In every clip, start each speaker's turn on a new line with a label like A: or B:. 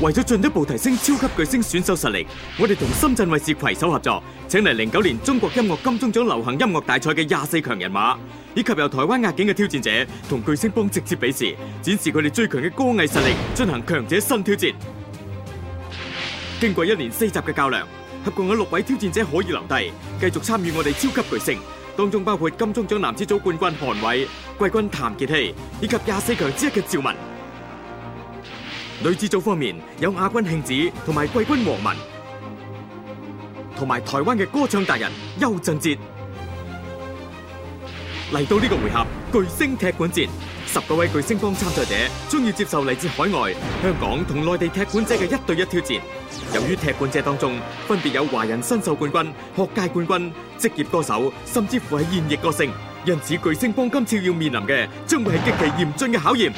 A: 為咗進一步提升超級巨星選手實力，我哋同深圳衛視攜手合作，請嚟零九年中國音樂金鐘獎流行音樂大賽嘅廿四強人馬，以及由台灣壓境嘅挑戰者同巨星幫直接比試，展示佢哋最強嘅歌藝實力，進行強者新挑戰。經過一年四集嘅較量，合共有六位挑戰者可以留低，繼續參與我哋超級巨星，當中包括金鐘獎男子組冠軍韓煒、季軍譚杰希以及廿四強之一嘅趙文。女子組方面有亞軍慶子同埋季軍王雯，同埋台灣嘅歌唱大人邱振哲。嚟到呢個回合，巨聲踢館戰，十個位巨聲幫參賽者，將要接受嚟自海外、香港同內地踢館者嘅一對一挑戰。由於踢館者當中分別有華人新秀冠軍、學界冠軍、職業歌手，甚至乎係現役歌星，因此巨聲幫今次要面臨嘅，將會係極其嚴峻嘅考驗。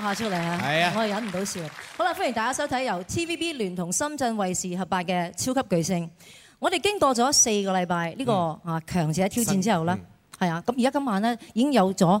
B: 下出來是啊！我忍唔到笑。好啦，歡迎大家收睇由 TVB 聯同深圳衛視合辦嘅《超級巨聲》。我哋經過咗四個禮拜呢個啊強者挑戰之後咧，係、嗯嗯、啊，咁而家今晚呢已經有咗。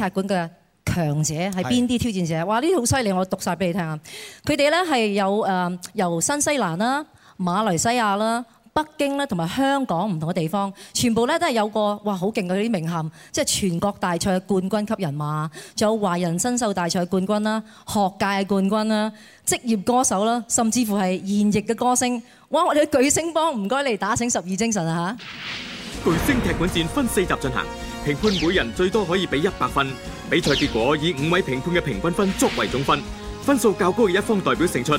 B: 踢館嘅強者係邊啲挑戰者？的哇！呢啲好犀利，我讀晒俾你聽啊！佢哋咧係有誒、呃，由新西蘭啦、馬來西亞啦、北京啦同埋香港唔同嘅地方，全部咧都係有個哇好勁嘅啲名銜，即係全國大賽冠軍級人馬，仲有華人新秀大賽冠軍啦、學界冠軍啦、職業歌手啦，甚至乎係現役嘅歌星。哇！我哋嘅巨聲幫唔該你打醒十二精神啊！吓，
A: 巨聲踢館戰分四集進行。評判每人最多可以俾一百分。比賽結果以五位評判嘅平均分作為總分，分數較高嘅一方代表勝出。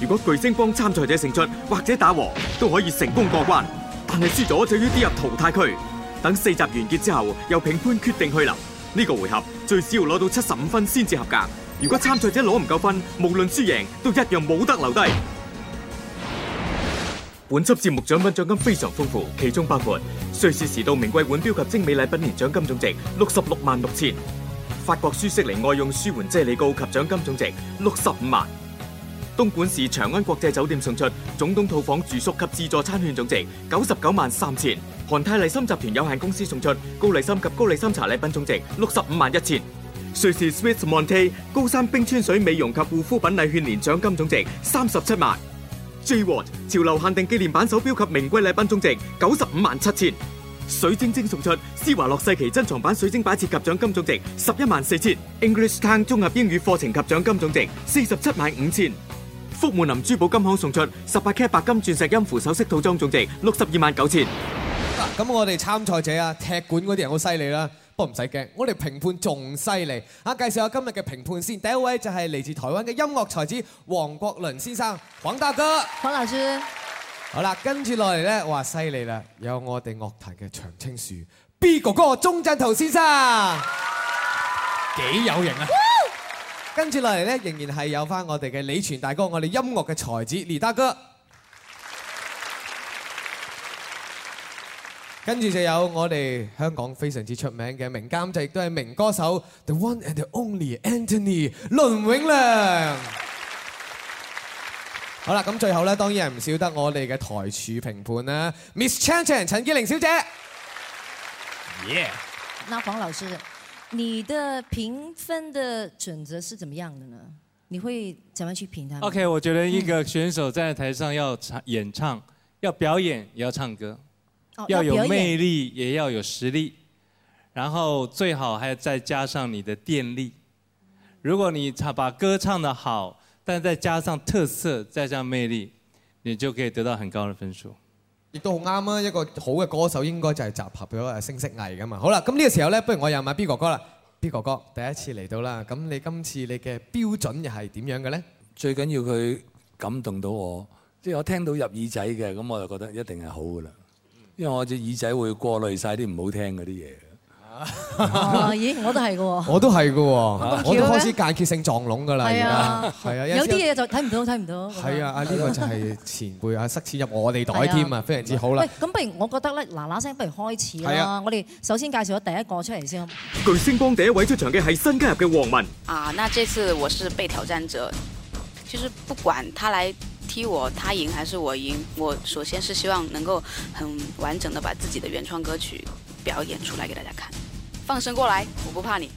A: 如果巨聲幫參賽者勝出或者打和，都可以成功過關，但係輸咗就要跌入淘汰區。等四集完結之後，由評判決定去留。呢個回合最少要攞到七十五分先至合格。如果參賽者攞唔夠分，無論輸贏都一樣冇得留低。本輯節目獎品獎金非常豐富，其中包括，瑞士時度名貴腕錶及精美禮品年獎金總值六十六萬六千；法國舒適靈愛用舒緩啫喱膏及獎金總值六十五萬；東莞市長安國際酒店送出總統套房住宿及自助餐券總值九十九萬三千；韓泰麗森集團有限公司送出高麗參及高麗參茶禮品總值六十五萬一千；瑞士 Swiss Monti 高山冰川水美容及護膚品禮券年獎金總值三十七萬。J Watch 潮流限定紀念版手錶及名貴禮品總值九十五萬七千；水晶晶送出施華洛世奇珍藏版水晶擺設及獎金總值十一萬四千；English Town 綜合英語課程及獎金總值四十七萬五千；福滿林珠寶金行送出十八 K 白金鑽石音符首飾套裝總值六十二萬九千。
C: 嗱，咁我哋參賽者啊，踢館嗰啲人好犀利啦！都唔使驚，我哋評判仲犀利嚇！介紹下今日嘅評判先，第一位就係嚟自台灣嘅音樂才子黃國倫先生，黃大哥、黃老師。好啦，跟住落嚟呢，我話犀利啦，有我哋樂壇嘅長青樹 B 哥哥鍾鎮濤先生，幾有型啊！跟住落嚟呢，仍然係有返我哋嘅李泉大哥，我哋音樂嘅才子李大哥。跟住就有我哋香港非常之出名嘅名監製，亦都係名歌手 The One and Only Anthony 倫永亮。好啦，咁最後呢，當然係唔少得我哋嘅台柱評判啦，Miss Chang c h n 陳潔靈小姐。
B: 耶！那黃老師，你的評分的準則是怎麼樣的呢？你會怎麼去評他？OK，我覺得一個
D: 選手在台上要演唱、要表演、要唱歌。要有魅力，也要有實力，然後最好還要再加上你的電力。如果你唱把歌唱得好，但再加上特色，再加上魅力，你就可以得到很高的分數。
C: 亦都好啱啊！一個好嘅歌手應該就係集合咗啊聲色藝噶嘛。好啦，咁呢個時候呢，不如我又問 B 哥哥啦。B 哥哥第一次嚟到啦，咁你今次
E: 你嘅標準又係點樣嘅呢？最緊要佢感動到我，即係我聽到入耳仔嘅，咁我就覺得一定係好噶啦。因為我隻耳仔會過濾晒啲唔好聽嗰啲嘢。
B: 咦？我都係嘅喎。我
C: 都係嘅喎，我都開始間歇性撞聾嘅啦。係啊，係啊，有啲
B: 嘢就睇唔到，睇唔到。係啊，啊呢個就係
C: 前
A: 輩啊塞錢入我哋
C: 袋添啊，非常之好啦。
B: 喂，咁不如我覺得咧嗱嗱聲，不如開始啦。我哋首先介紹咗第一個出嚟先。
A: 巨聲幫第一位出場嘅係新加入嘅王雯。
B: 啊，那這次我是被挑戰者，其實不管他來，踢我，他贏還是
F: 我贏？我首先是希望能夠很完整的把自己的原創歌曲表演出來給大家看。放聲過來，我不
C: 怕你。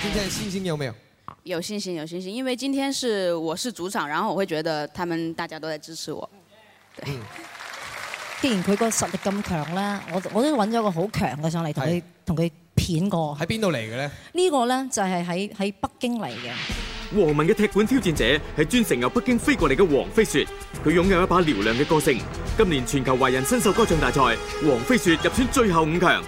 C: 今天信心有沒有？
F: 有信心，有信心，因為今天是我是主場，然後我會覺得他們大家都在支持我。
B: 對，既然佢個實力咁強咧，我我都揾咗個好強嘅上嚟同佢同佢片過。喺
A: 邊度嚟嘅咧？
B: 這個呢個咧就係喺喺北京嚟嘅。
A: 王雯嘅踢館挑戰者係專程由北京飛過嚟嘅王飛雪，佢擁有一把嘹亮嘅歌聲。今年全球華人新秀歌唱大賽，王飛雪入選最後五強。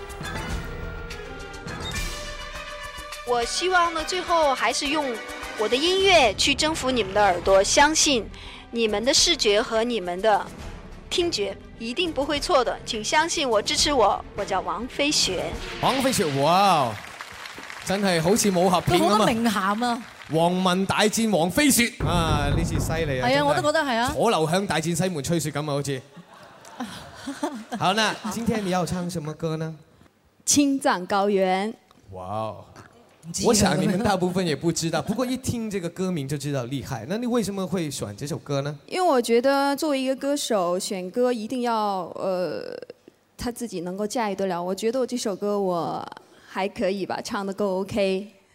G: 我希望呢，最後還是用我的音樂去征服你們的耳朵，相信你們的視覺和你們的聽覺一定不會錯的，請相信我，支持我，我叫王飛雪。
C: 王飛雪，哇，真係好似武俠片咁啊！佢好多
G: 名銜啊！
C: 王雯大戰王飛雪啊！呢次犀利啊！係啊，我都覺得係啊！楚留香大戰西門吹雪咁啊，好似。好啦，今天你要唱什麼歌呢？
G: 青藏高原。
C: 哇、wow，我想你們大部分也不知道，不過一聽這個歌名就知道厲害。那你為什麼會選這首歌呢？
G: 因為我覺得作為一個歌手，選歌一定要，呃，他自己能夠駕馭得了。我覺得我這首歌我還可以吧，唱得夠 OK。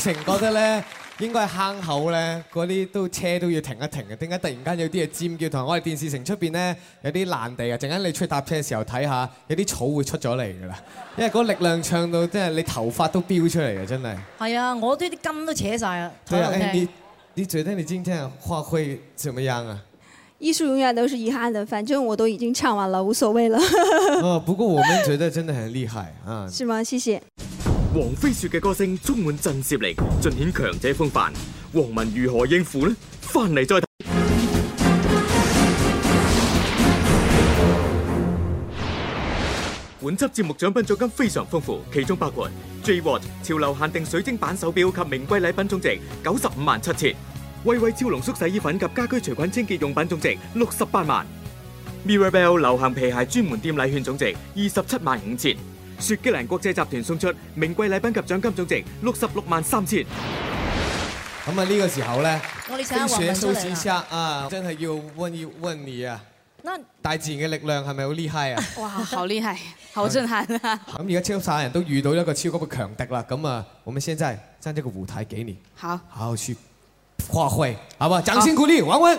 C: 成覺得咧應該係坑口咧，嗰啲都車都要停一停嘅。點解突然間有啲嘢尖叫？同埋我哋電視城出邊咧有啲爛地啊！陣間你出去搭車嘅時候睇下，有啲草會出咗嚟噶啦。因為嗰力量唱到即係你頭髮都飆出嚟啊！真係。
G: 係啊，我啲啲筋都扯晒啊。對啊，你
C: 你覺得你今天發揮怎麼樣啊？
G: 藝術永遠都是遺憾的，反正我都已經唱完了，無所謂啦。
A: 哦，不過我們覺得真的很厲害啊。
G: 是嗎？謝謝。
A: 王飛雪嘅歌聲充滿震懾力，盡顯強者風範。王雯如何應付呢？翻嚟再睇。本輯節目獎品獎金非常豐富，其中包括 J Watch 潮流限定水晶版手表及名貴禮品總值九十五萬七千；威惠超濃縮洗衣粉及家居除菌清潔用品總值六十八萬；Mirabelle 流行皮鞋專門店禮券總值二十七萬五千。雪肌靈國際集團送出名貴禮品及獎金總值六十六萬三千。咁啊呢個時候
C: 咧，
B: 冰雪蘇先
C: 生啊，真係要問要問你啊！那大自然嘅力量係咪好厲害啊？哇，
F: 好厲害，好震撼
C: 啊！咁而家超晒人都遇到一個超級嘅強敵啦！咁啊，我們現在將呢個舞台給你，好好去發揮，好嘛？掌聲鼓勵，啊、王雯。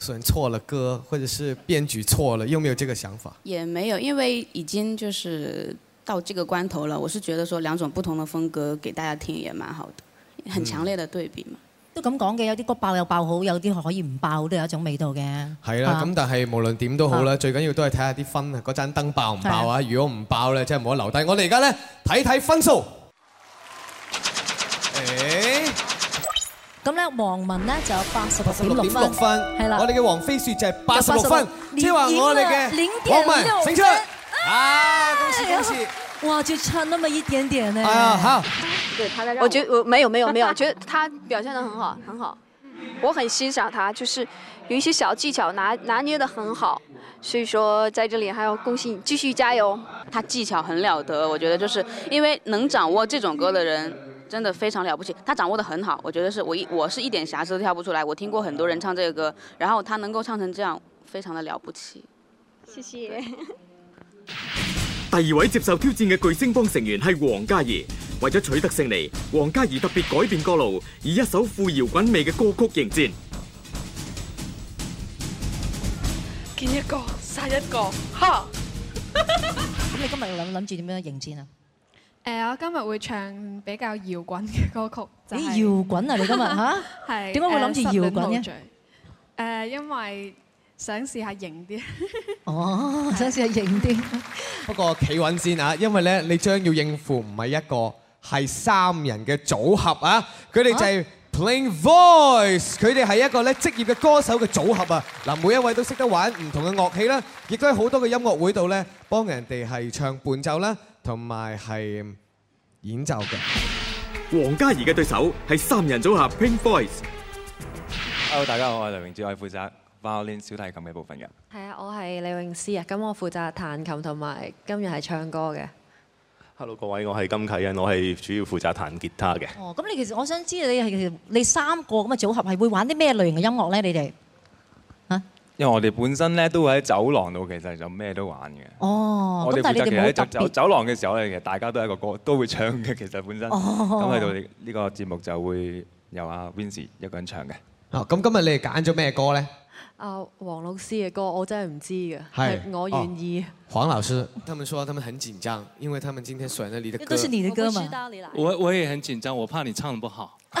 C: 選錯了歌，或者是編曲錯了，又沒有這個想法，
F: 也沒有，因為已經就是到這個關頭了。我是覺得，說兩種不同的風格給大家聽也蠻好的，很強烈的對比嘛。嗯、
B: 都咁講嘅，有啲歌爆又爆好，有啲可以唔爆都有一種味道嘅。
C: 係啦、啊，咁、啊、但係無論點都好啦，啊、最緊要都係睇下啲分啊，嗰盞燈爆唔爆啊？啊，如果唔爆咧，真係冇得留低。我哋而家咧，睇睇分數。
B: 啊咁咧，王雯呢就有八十八點六分，係啦。我哋嘅王飛雪就係八十六分，即係話我哋嘅，零點六分，勝出恭喜恭喜！后恭喜
G: 哇，就差那麼一點點呢。啊，好。對，他在我。我覺得，沒有沒有沒有，覺得他表現得很好，很好。我很欣賞他，就是有一些小技巧拿拿捏得很好，所以說，在這裡還要恭喜你，繼續加油。他
F: 技巧很了得，我覺得就是因為能掌握這種歌的人。真的非常了不起，他掌握得很好，我覺得是我一，我是一點瑕疵都跳不出來。我聽過很多人唱這個歌，然後他能夠唱成這樣，非常的了不起。
G: 謝謝。
A: 第二位接受挑戰嘅巨聲幫成員係王嘉儀，為咗取得勝利，王嘉儀特別改變歌路，以一首富搖滾味嘅歌曲迎戰。
B: 見一個
G: 殺一個，哈！
B: 咁 你今日要諗諗住點樣迎戰啊？
G: 誒，我今日會唱比較搖滾嘅歌曲。誒，搖滾啊！你今日嚇？係點解會諗住搖滾咧？誒，因為想試下型啲。哦，
B: 想試下型啲。
C: 不過企穩先啊，因為咧你將要應付唔係一個係三人嘅組合啊，佢哋就係 Plain Voice，佢哋係一個咧職業嘅歌手嘅組合啊。嗱，每一位都識得玩唔同嘅樂器啦，亦都喺好多嘅音樂會度咧幫人哋係唱伴奏啦。同埋係
A: 演奏嘅。王嘉儀嘅對手係三人組合 Plain Voice。Hello，大家好，我係梁榮志，我係負責 violin 小提琴嘅部分嘅。
H: 係啊，我係李詠詩啊，咁我負責彈琴同埋今日係唱歌嘅。
A: Hello，各位，我係金啟恩，我係主要負責彈吉他嘅。哦，
B: 咁你其實我想知道你係，你三個咁嘅組合係會玩啲咩類型嘅音樂咧？你哋？
A: 因為我哋本身咧都喺走廊度，其實就咩都玩嘅。哦，
B: 咁但係你哋冇特別。
A: 走廊嘅時候嚟嘅，大家都係一個歌，都會唱嘅。其實本身咁喺度呢個節目就會有阿 v i n c e 一個人唱嘅。
C: 咁今日你哋揀咗咩歌咧？
H: 阿黃老師嘅歌，我真係唔知嘅。係，我願意。
C: 黃老師，他們說他們很緊張，因為他們今天選咗你的
H: 歌。那都是你的歌嘛。我知
D: 我也很緊張，我怕你唱得不好不。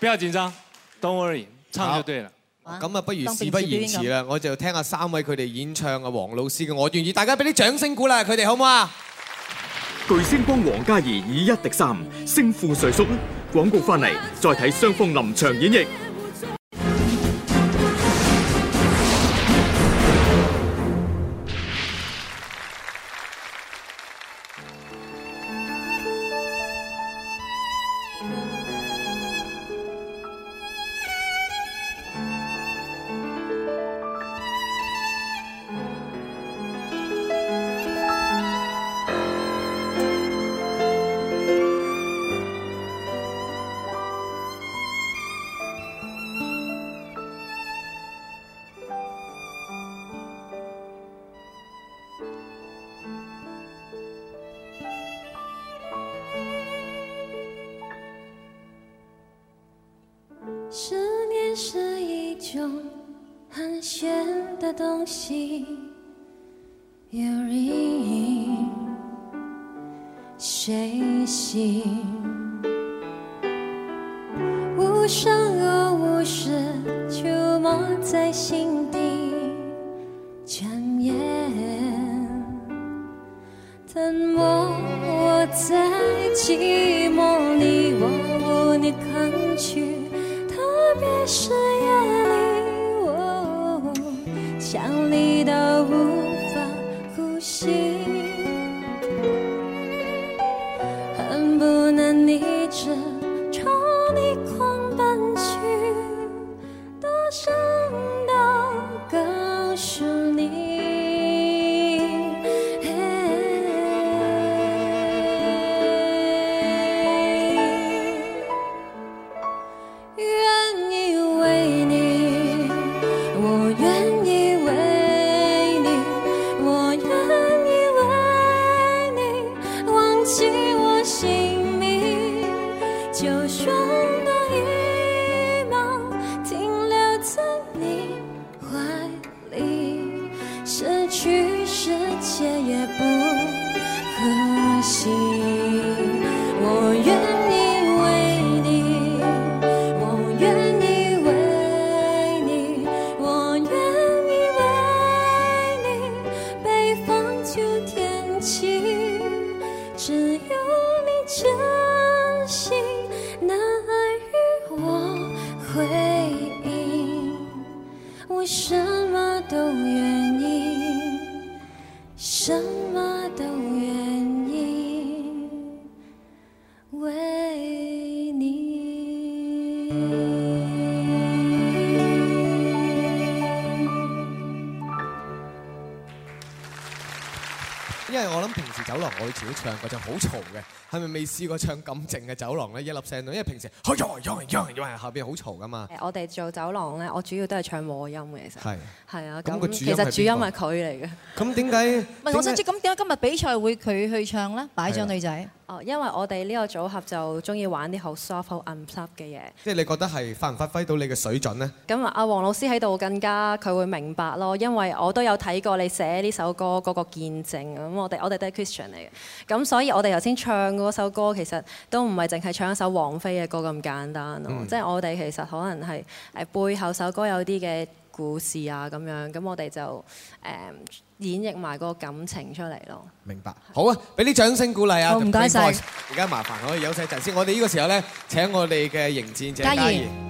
D: 不要緊張，Don't worry，唱就對了。
H: 咁啊，不如事不宜遲啦，
D: 我就聽下
C: 三位佢哋演唱嘅王老師嘅，我願意，大家俾啲掌聲鼓勵佢哋好唔好啊？
A: 巨聲幫王嘉儀以一敵三，勝負誰屬？廣告翻嚟，再睇雙方臨場演繹。
C: 走廊我少唱過，我就好嘈嘅。係咪未試過唱咁靜嘅走廊咧？一粒聲，因為平時，哎下邊好嘈噶嘛。
H: 我哋做走廊咧，我主要都係唱和音嘅，其實係係啊。咁其實主音係佢
C: 嚟嘅。咁點解？我想知
H: 咁點解今日比賽會佢去唱咧？擺咗女仔。因為我哋呢個組合就中意玩啲好 soft、好 unplugged 嘅
C: 嘢。即係你覺得係發唔發揮到你嘅水準呢？
H: 咁阿黃老師喺度更加佢會明白咯，因為我都有睇過你寫呢首歌嗰個見證。咁我哋我哋都係 Christian 嚟嘅，咁所以我哋頭先唱嗰首歌其實都唔係淨係唱一首王菲嘅歌咁簡單咯。即係、嗯、我哋其實可能係誒背後首歌有啲嘅。故事啊，咁樣咁我哋就演繹埋個感情出嚟咯。
C: 明白，好啊，俾啲掌聲鼓勵啊好！唔該晒，而家麻煩可以休息陣先。我哋呢個時候咧，請我哋嘅迎戰者嘉儀。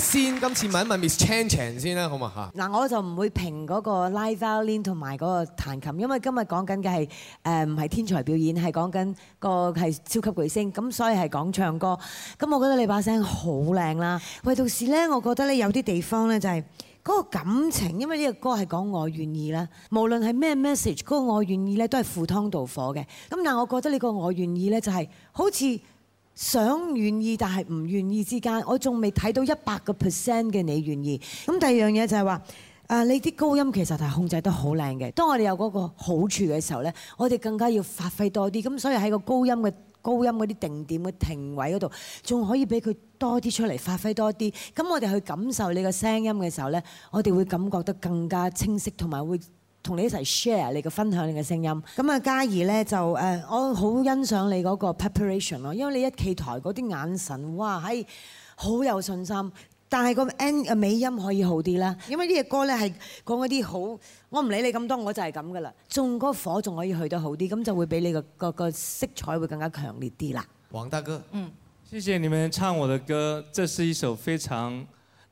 C: 先今次問一問 Miss Chan Chan 先啦，好嘛嚇？
B: 嗱，
I: 我就唔會評嗰個拉風箏同埋嗰個彈琴，因為今日講緊嘅係誒唔係天才表演，係講緊個係超級巨星，咁所以係講唱歌。咁我覺得你把聲好靚啦。喂，同時咧，我覺得咧有啲地方咧就係嗰個感情，因為呢個歌係講我願意啦。無論係咩 message，嗰個我願意咧都係赴湯蹈火嘅。咁但係我覺得你個我願意咧就係好似。想願意，但係唔願意之間我還沒看，我仲未睇到一百個 percent 嘅你願意。咁第二樣嘢就係話，誒你啲高音其實係控制得好靚嘅。當我哋有嗰個好處嘅時候呢，我哋更加要發揮多啲。咁所以喺個高音嘅高音嗰啲定點嘅停位嗰度，仲可以俾佢多啲出嚟發揮多啲。咁我哋去感受你嘅聲音嘅時候呢，我哋會感覺得更加清晰，同埋會同你一齊 share 你嘅分享，你嘅聲音。咁啊，嘉儀呢，就誒，我好欣賞你嗰個 preparation 咯，因為你一企台嗰啲眼神，哇，係、哎、好有信心。但係個 end 嘅尾音可以好啲啦，因為呢隻歌呢，係講嗰啲好，我唔理你咁多，我就係咁噶啦。中嗰個火仲可以去到好啲，咁就會畀你個個個色彩會更加強烈啲啦。黃大哥，嗯，
D: 謝謝你們唱我的歌，這是一首非常。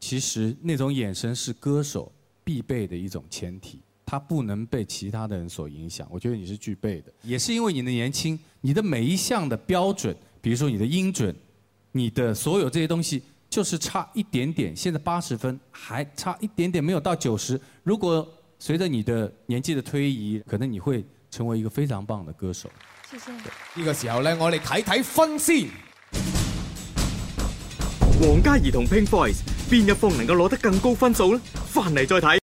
J: 其實那種眼神是歌手必備的一種前提，他不能被其他的人所影響。我覺得你是具備的，也是因為你的年輕，你的每一項的標準，比如說你的音準，你的所有這些東西，就是差一點點。現在八十分，還差一點點沒有到九十。如果隨着你的年紀的推移，可能你會成為一個非常棒的歌手。
K: 謝
J: 謝。呢個時候呢，我嚟睇睇分先。
A: 王嘉儀同 Plain Voice。邊一方能夠攞得更高分數咧？翻嚟再睇。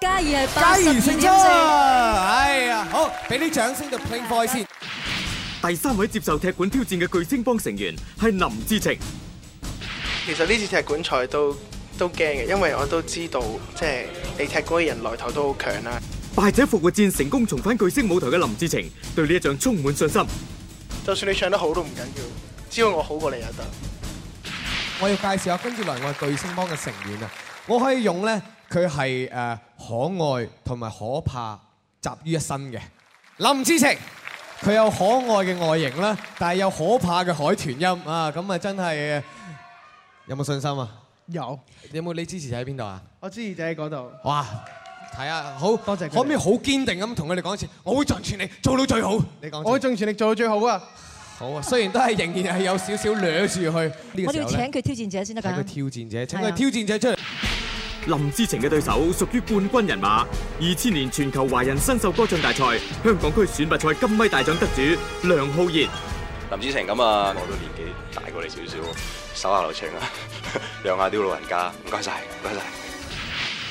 B: 嘉儀係八十四點正，哎呀，
A: 好，俾啲掌聲就 Plain Voice 先 play。第三位接受踢館挑戰嘅巨聲幫成員係林志程。
E: 其
A: 實呢次踢館
L: 賽都都驚嘅，因為我都知道，即係你踢館嘅人來頭都好強啦。
A: 敗者復活戰成功重返巨聲舞台嘅林志程，對呢一仗充滿信心。
C: 就算你唱得好都唔緊要，只要我好過你就得！我要介紹下跟住來我嘅巨聲幫嘅成員啊，我可以用咧佢係誒可愛同埋可怕集於一身嘅林志程，佢有可愛嘅外形啦，但係有可怕嘅海豚音啊，咁啊真係有冇信心啊？有，有冇你支持就喺邊度啊？我支持就喺嗰度。哇！係啊，好多謝，謝。我可唔可以好堅定咁同佢哋講一次，我會盡全力做到最好。你講，我會盡全力做到最好啊。
A: 好啊，雖然都係仍然係有少少兩次去。
C: 我哋要請
B: 佢挑戰者先得。啊，請
A: 挑戰者，請佢挑戰者出嚟。啊、林志程嘅對手屬於冠軍人馬，二千年全球華人新秀歌唱大賽香港區選拔賽金威大獎得主梁皓賢。林志程，咁啊，我都年紀大過你少少，手下留情啊， 讓下啲老人家。唔該晒！唔該曬。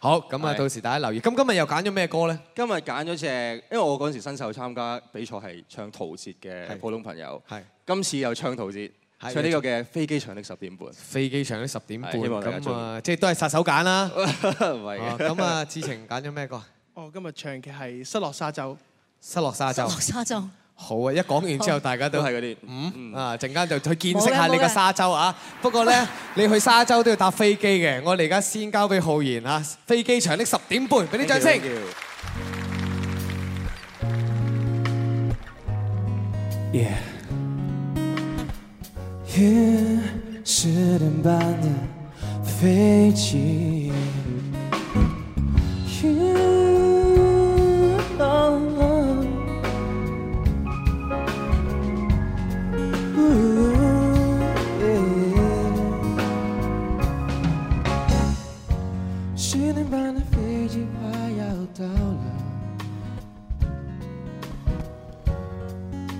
A: 好，咁啊，到時大家留意。咁的今日又揀咗咩歌咧？今日揀咗隻，因為我嗰陣時新手參加比賽係唱陶喆嘅普通朋友，係的今次又唱陶喆，的唱呢個嘅飛機場的十點半。飛機場的十點
C: 半，咁啊，即係都係殺手揀啦。唔係 的。咁啊，志程揀咗咩歌？哦，今日唱嘅係失落沙洲。失落沙洲。好啊！一講完之後，好大家都係嗰啲嗯，嗯啊，陣間就去見識下你個沙洲啊！不過咧，你去沙洲都要搭飛機嘅。我哋而家先交俾皓賢啊！飛機場的十點半，俾你掌
L: 聲。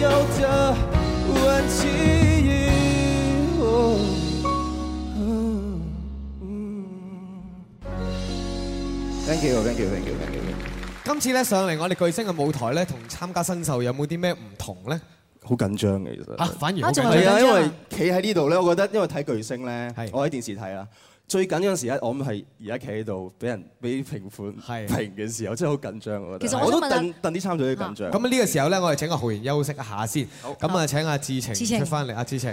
M: n
H: n n n
C: 今次咧上嚟我哋巨星嘅舞台咧，同參加新秀有冇啲咩唔同咧？
A: 好緊張嘅，其實吓，反而好緊張。係啊，因為企喺呢度咧，我覺得因為睇巨星咧，是我喺電視睇啦。最緊張的時間我們係而家企喺度，俾人俾評判評嘅時候，是的 真係好緊張，我覺得。其實我都戥戥啲參賽者緊張。咁
C: 麼呢個時候呢，我哋請阿浩然休息一下先。好，咁啊請阿志晴出翻嚟。阿志晴。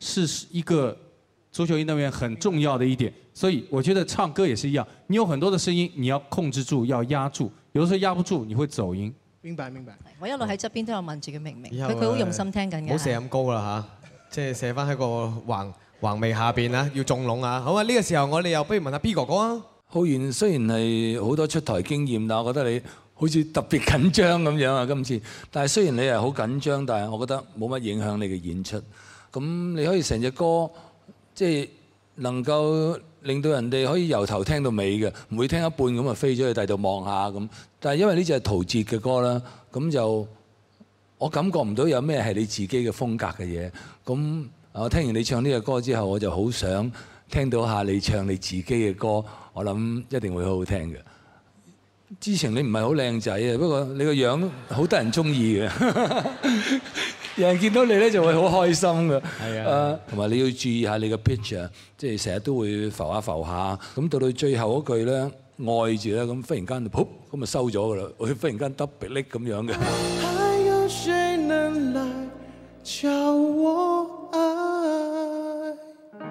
J: 是一個足球員當中很重要的一點，所以我覺得唱歌也是一樣。你有很多的聲音，你要控制住，要壓住。有時壓不住，你會走音。
B: 明白明白。我一路喺側邊都有問住佢明明佢，佢好用心聽緊嘅。好射
J: 咁高啦
C: 嚇，即係射返喺個橫橫眉下邊啦，要中籠啊。好啊，呢個時候我哋又
E: 不如問下 B 哥哥啊。浩然雖然係好多出台經驗，但我覺得你好似特別緊張咁樣啊今次。但係雖然你係好緊張，但係我覺得冇乜影響你嘅演出。咁你可以成隻歌，即係能夠令到人哋可以由頭聽到尾嘅，唔會聽一半咁啊，飛咗去，第度望下咁。但係因為呢隻係陶喆嘅歌啦，咁就我感覺唔到有咩係你自己嘅風格嘅嘢。咁我聽完你唱呢隻歌之後，我就好想聽到下你唱你自己嘅歌。我諗一定會好好聽嘅。之前你唔係好靚仔啊，不過你個樣好得人中意嘅。人見到你咧就會好開心㗎，誒，同埋你要注意下你個 pitch 啊，即係成日都會浮下浮下，咁到到最後嗰句咧，愛住咧，咁忽然間就噗，咁就收咗㗎啦，佢忽然間突鼻拎咁樣嘅。
L: 還有誰能來我
I: 愛？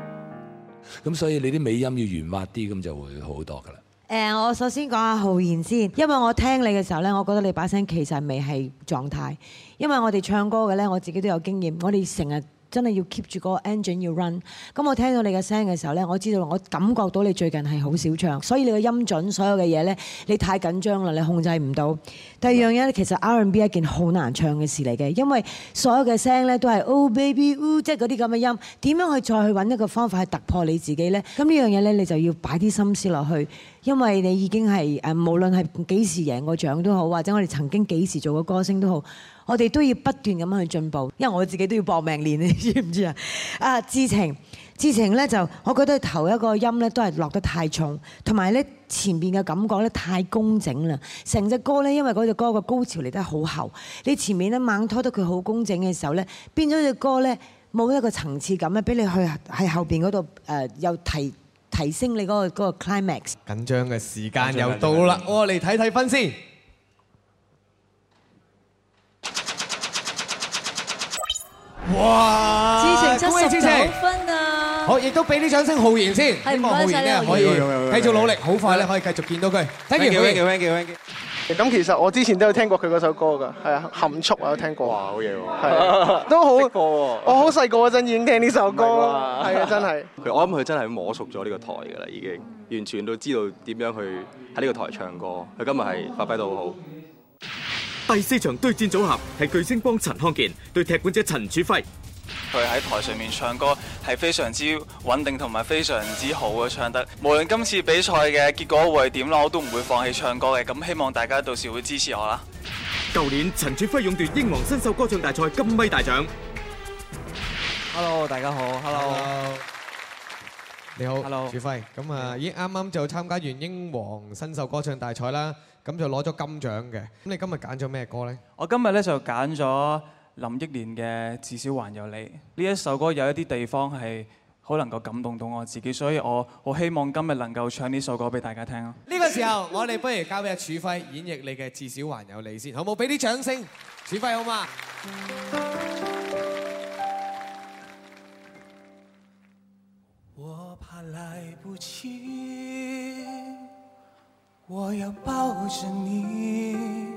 E: 咁所以你啲尾音要圓滑啲，咁就會好多㗎啦。
I: 誒，我首先講下皓賢先，因為我聽你嘅時候呢，我覺得你把聲其實未係狀態。因為我哋唱歌嘅呢，我自己都有經驗我經個，我哋成日真係要 keep 住嗰個 engine 要 run。咁我聽到你嘅聲嘅時候呢，我知道我感覺到你最近係好少唱，所以你嘅音準所有嘅嘢呢，你太緊張啦，你控制唔到。第二樣嘢呢，其實 R&B 係一件好難唱嘅事嚟嘅，因為所有嘅聲呢都係 oh baby，即係嗰啲咁嘅音，點樣去再去揾一個方法去突破你自己呢？咁呢樣嘢呢，你就要擺啲心思落去。因為你已經係誒，無論係幾時贏過獎都好，或者我哋曾經幾時做過歌星都好，我哋都要不斷咁樣去進步。因為我自己都要搏命練，你知唔知啊？啊，志程，志程咧就，我覺得頭一個音咧都係落得太重，同埋咧前面嘅感覺咧太工整啦。成隻歌咧，因為嗰隻歌個高潮嚟得好後，你前面咧猛拖得佢好工整嘅時候咧，變咗隻歌咧冇一個層次感啊，俾你去喺後邊嗰度誒又提，提升你嗰個嗰個 climax，
C: 緊張嘅時間又到啦！
I: 我嚟睇睇分先。哇！
C: 恭喜！恭喜！
B: 好，
C: 亦都俾啲掌聲，浩然先。希望浩然咧，可以繼續努力，好快咧，可以繼續見到佢。咁其實我之前都有聽過佢嗰首歌㗎，係啊，含蓄我都聽過。哇，好嘢
A: 喎！係啊，
C: 都好。歌喎，我好細個嗰陣已經聽呢首歌，係啊，真係。
A: 佢我諗佢真係摸熟咗呢個台㗎啦，已經完全都知道點樣去喺呢個台唱歌。佢今日係發揮到好。第四場對戰組合係巨星幫陳康健對踢館者陳曙輝。
D: 佢喺台上面唱歌係非常之穩定同埋非常之好嘅唱得，無論今次比賽嘅結果會係點啦，我都唔會放棄唱歌嘅。咁希望大家到時會支持我啦。
A: 舊年陳曙輝勇奪英皇新秀歌唱大賽金咪大獎。Hello，大家好。Hello，, Hello. 你好。Hello，曙輝咁啊，已
C: 經啱啱就參加完英皇新秀歌唱大賽啦，咁就攞咗金獎嘅。咁你今日揀咗咩歌呢？
D: 我今日咧就揀咗。林憶蓮嘅至少還有你呢一首歌，有一啲地方係好能夠感動到我自己，所以我好希望今日能夠唱呢首歌俾大家聽啊！
C: 呢個時候我哋不如交俾阿曙輝演繹你嘅至少還有你先，好唔好？俾啲掌聲，曙輝好嘛？
L: 我怕來不及，我要抱着你。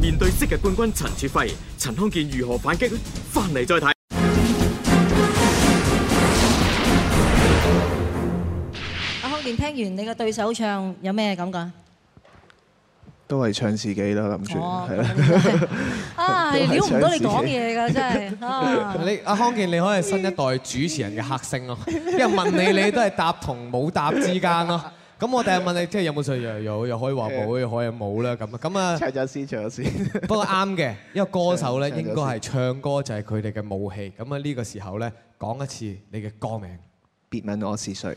A: 面對昔日冠軍陳曙輝、陳康健如何反擊？翻嚟再睇。
B: 阿康健，聽完你嘅對手唱，有咩感覺？
L: 都係唱自己啦，諗住係
C: 啦。
B: 啊，如唔到你講嘢㗎真係。你阿康
C: 健，你可以係新一代主持人嘅剋星咯，因為問你，你都係答同冇答之間咯。咁我第日問你，即係有冇嘗試又又又可以話冇，又可以話冇啦。咁啊。咁啊，唱咗先，唱咗先。不過啱嘅，一個歌手咧應該係唱歌就係佢哋嘅武器。咁啊呢個時候咧講一次你嘅歌名，別問我是誰。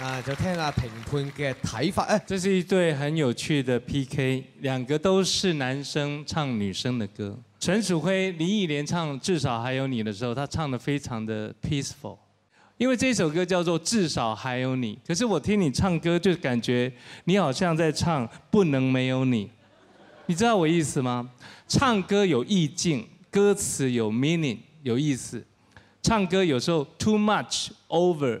C: 啊！就聽下、啊、評判
D: 嘅睇法。誒、哎，這是一對很有趣的 PK，兩個都是男生唱女生的歌。陳曙輝、林憶蓮唱《至少還有你》的時候，他唱得非常的 peaceful，因為這首歌叫做《至少還有你》。可是我聽你唱歌就感覺你好像在唱《不能沒有你》，你知道我意思嗎？唱歌有意境，歌詞有 meaning 有意思，唱歌有時候 too much over。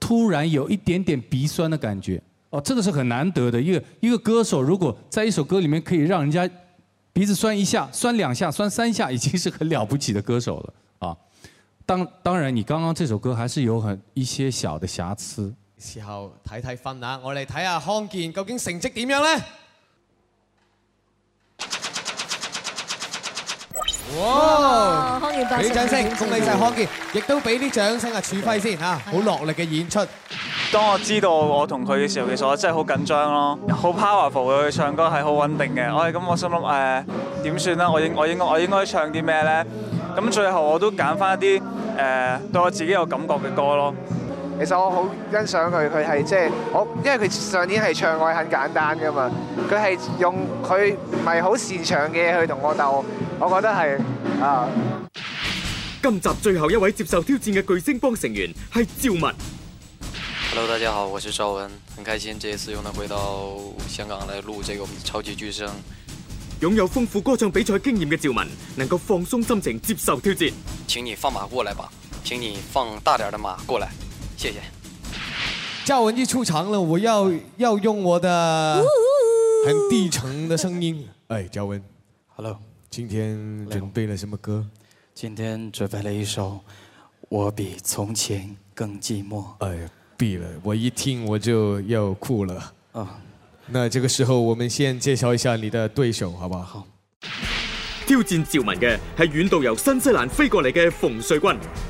J: 突然有一點點鼻酸的感覺，哦，這個是很難得的一個一個歌手，如果在一首歌裏面可以讓人家鼻子酸一下、酸兩下、酸三下，已經是很了不起的歌手了啊。當當然，你剛剛這首歌還是有很一些小的瑕疵。
C: 時候睇睇分啊，我嚟睇下康健究竟成績點樣呢？哇！俾掌聲，恭喜晒康健，亦都俾啲掌聲啊！曙輝
D: 先吓，好落力嘅演出。對 當我知道我同佢嘅時候，其實我真係好緊張咯，好 powerful 佢唱歌係好穩定嘅。我哋咁，我心諗誒點算咧？我應我應該唱啲咩咧？咁最後我都揀翻一啲誒對我自己有感覺嘅歌咯。
C: 其實我好欣賞佢，佢係即係我，因為佢上年係唱愛很簡單噶嘛，佢係用佢唔係好擅長嘅嘢去同我鬥，我覺
A: 得係啊。今集最後一位接受挑戰嘅巨聲幫成員
N: 係趙文。Hello，大家好，我是趙文，很開心這次又能回到香港嚟錄呢個我們的《超級巨聲》。
A: 擁有豐富歌唱比賽經驗嘅趙文，能夠放鬆心情接受挑戰。請你放馬過來吧！請你放大點的馬過來！謝謝，
C: 趙文一出場了，我要、嗯、要用我的
A: 很低沉的聲音。 哎，趙文，Hello，今天準備了什麼歌？今天準備了一首《我比從前更寂寞》。哎呀，弊了！我一聽我就要哭了。啊，uh.
C: 那這個時候我們先介紹一下你的對手，好不好？好，
A: 挑戰趙文嘅係遠道由新西蘭飛過嚟嘅馮穗君。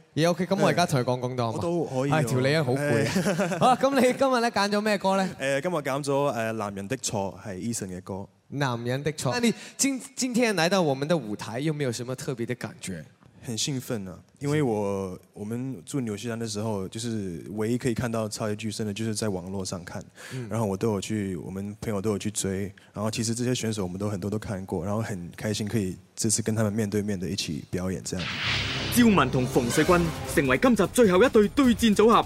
C: OK，咁我而家同佢講講到，我都可以、哎。係條脷啊，好攰啊。好，咁你今日咧揀咗咩歌咧？誒，今日揀咗誒《男人的錯》，係 Eason 嘅歌。男人的錯。那你今今天
A: 來到我們的舞台，有沒有什麼特別的感覺？很興奮啊，因為我我們住紐西蘭的時候，就是唯一可以看到超級巨聲的，就是在網絡上看。然後我都有去，我們朋友都有去追。然後其實這些選手，我們都很多都看過。然後很開心可以這次跟他們面對面的一起表演，這樣。趙文同馮穗君成為今集最後一對對戰組合。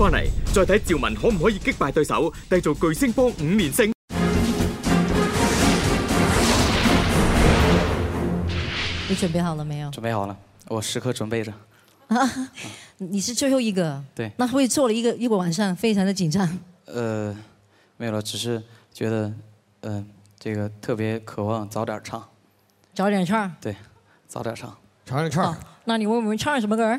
A: 翻嚟再睇趙文可唔可以擊敗對手，締造巨聲幫五連勝。
B: 你準備好了沒有？
N: 準備好了，我時刻準備
B: 着。啊，你是最後一個。對。那會，會做了一個一個晚上，非常的緊張。
N: 呃，沒有了，只是覺得，嗯、呃，這個特別渴望早點唱。早點唱？對，早點唱。唱一唱。好，
B: 那你問我們唱什麼歌？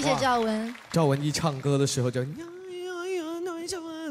B: 謝謝
C: 趙文。趙文一唱歌的時候就，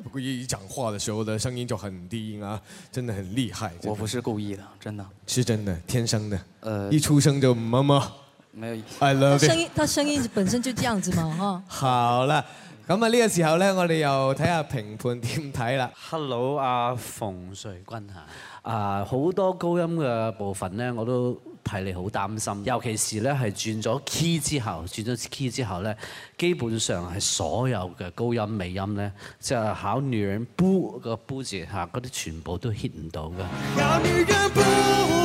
C: 不過一講話的時候的聲音就很低音啊，真的很厲害。我不是故意的，真的是真的，天生的。呃，一出生就、呃、媽媽。沒有。I love 聲音，
B: 他聲音本身就這樣子嘛，哈。
C: 好啦，咁啊，呢個時候呢，我哋又睇下評判點睇啦。Hello，阿馮穗君啊，啊，好多高音嘅部分呢，我都。睇你好擔心，尤其是咧係轉咗 key 之後，轉咗 key 之後咧，基本上係所有嘅高音、美音咧，
J: 即係考女人 bo 嘅 bo 字吓嗰啲全部都 hit 唔到嘅。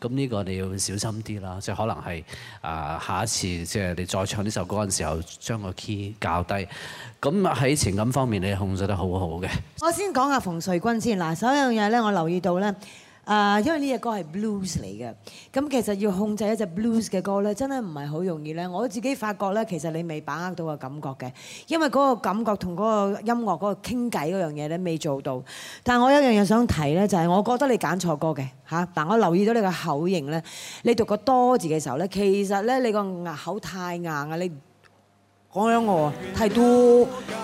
C: 咁呢個你要小心啲啦，即係可能係啊，下一次即係你再唱呢首歌嘅時候，將個 key 搞低。咁喺情感方面，你控制得好好嘅。
I: 我先講下馮瑞君先嗱，所有嘢咧，我留意到咧。啊，因為呢隻歌係 blues 嚟嘅，咁其實要控制一隻 blues 嘅歌咧，真係唔係好容易咧。我自己發覺咧，其實你未把握到個感覺嘅，因為嗰個感覺同嗰個音樂嗰個傾偈嗰樣嘢咧未做到。但係我有一樣嘢想提咧，就係我覺得你揀錯歌嘅嚇。但，我留意到你個口型咧，你讀個多字嘅時候咧，其實咧你個牙口太硬啊，你。講緊我太多，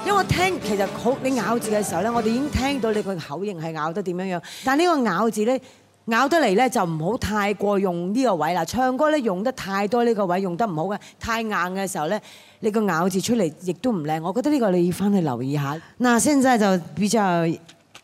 I: 因為我聽其實口你咬字嘅時候咧，我哋已經聽到你個口型係咬得點樣樣。但呢個咬字咧，咬得嚟咧就唔好太過用呢個位啦。唱歌咧用得太多呢個位，用得唔好嘅，太硬嘅時候咧，你個咬字出嚟亦都唔靚。我覺得呢個你要翻去留意一下。嗱，現在就比較。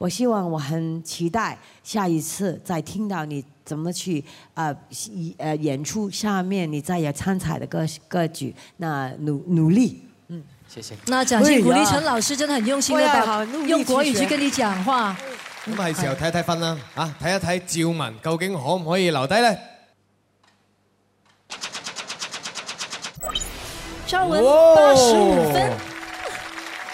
I: 我希望我很期待下一次再聽到你怎麼去呃演出，下面你再有參賽的歌歌曲，那努努力。嗯，謝謝。那掌聲有鼓勵陳
B: 老師真的很用心的，有用國語去跟你講話。咁啊，係時候
C: 睇一睇分啦，啊，睇一睇趙文究竟可唔可以留低呢？
G: 趙、嗯、文八十五分。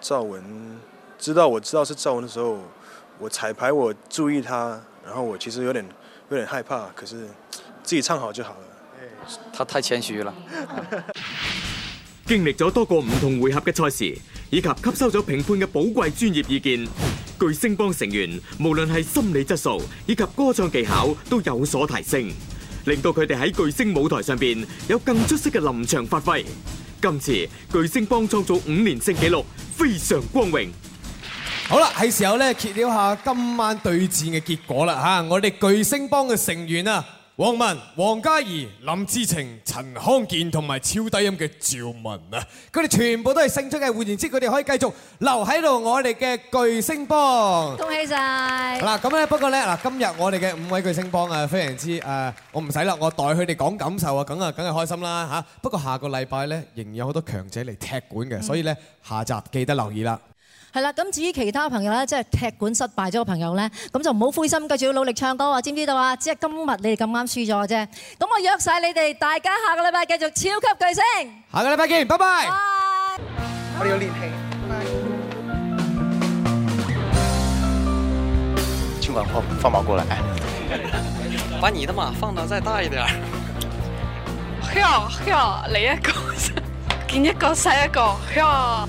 M: 趙文知道我知道是趙文的時候，
A: 我彩排我注意他，然後我其實有點有點害怕，可是自己唱好就好了。他太謙虛
M: 了
A: 經歷咗多個唔同回合嘅賽事，以及吸收咗評判嘅寶貴專業意見，巨聲幫成員無論係心理質素以及歌唱技巧都有所提升，令到佢哋喺巨聲舞台上邊有更出色嘅臨場發揮。今次巨聲幫創造五連勝紀錄，非常光榮。好啦，係時候咧
C: 揭曉下今晚對戰嘅結果啦，我哋巨聲幫嘅成員，啊王雯、王嘉儀、林志程、陳康健同埋超低音嘅趙文啊，佢哋全部都係勝出嘅，換言之，佢哋可以繼續留喺度我哋嘅巨聲幫。恭
B: 喜晒！好
C: 啦，咁咧，不過咧，嗱，今日我哋嘅五位巨聲幫啊，非常之誒，我唔使啦，我代佢哋講感受啊，梗啊，梗係開心啦吓。不過下個禮拜咧，仍有好多強者嚟踢館嘅，所以咧，下集記得留意啦。
B: 係啦，咁至於其他朋友咧，即係踢館失敗咗嘅朋友咧，咁就唔好灰心，繼續努力唱歌啊！知唔知道啊？只係今日你哋咁啱輸咗啫。咁我約晒你哋，大家下個禮拜繼續超級巨星。下個禮拜見，拜拜。
C: Bye Bye.
D: 我哋要練氣。拜。儘管放放馬過來， 把你的馬放到再大一點。
G: 嘿啊嘿啊，嚟一個，見一個殺一個，嘿啊！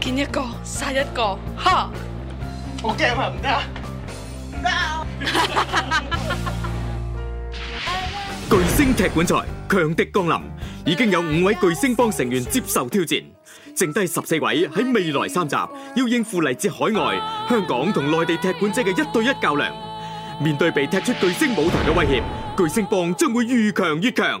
G: 見一個殺一個，哈！我驚啊，唔得
L: 唔
A: 得。巨聲踢館賽強敵降臨，已經有五位巨聲幫成員接受挑戰，剩低十四位喺未來三集要應付嚟自海外、香港同內地踢館者嘅一對一較量。面對被踢出巨聲舞台嘅威脅，巨聲幫將會愈強愈強。